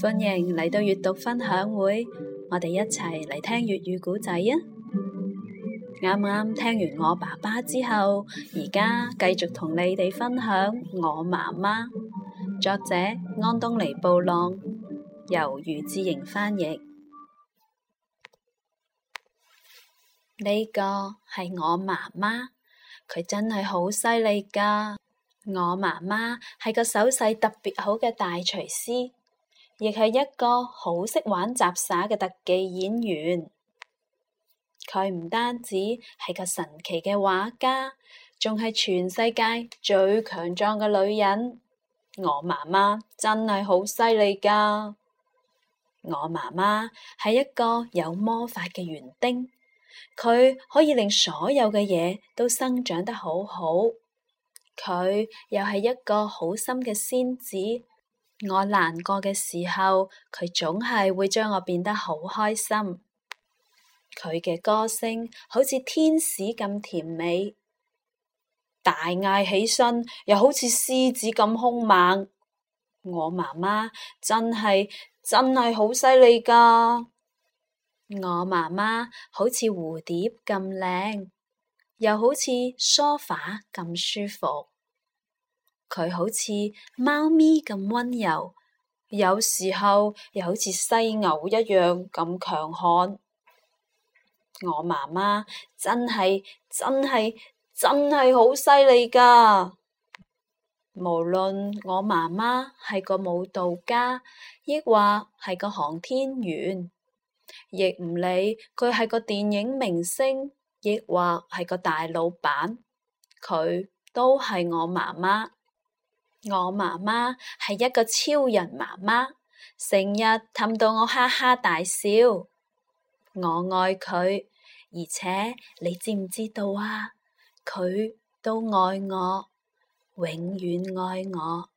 歡迎嚟到閱讀分享會，我哋一齊嚟聽粵語故仔啊！啱啱聽完我爸爸之後，而家繼續同你哋分享我媽媽。作者安東尼布朗。由余志瑩翻譯。呢個係我媽媽，佢真係好犀利噶。我媽媽係個手勢特別好嘅大廚師。亦係一個好識玩雜耍嘅特技演員，佢唔單止係個神奇嘅畫家，仲係全世界最強壯嘅女人。我媽媽真係好犀利㗎！我媽媽係一個有魔法嘅園丁，佢可以令所有嘅嘢都生長得好好。佢又係一個好心嘅仙子。我難過嘅時候，佢總係會將我變得好開心。佢嘅歌聲好似天使咁甜美，大嗌起身又好似獅子咁凶猛。我媽媽真係真係好犀利㗎！我媽媽好似蝴蝶咁靚，又好似梳化咁舒服。佢好似貓咪咁温柔，有時候又好似犀牛一樣咁強悍。我媽媽真係真係真係好犀利㗎！無論我媽媽係個舞蹈家，亦或係個航天員，亦唔理佢係個電影明星，亦或係個大老闆，佢都係我媽媽。我媽媽係一個超人媽媽，成日氹到我哈哈大笑。我愛佢，而且你知唔知道啊？佢都愛我，永遠愛我。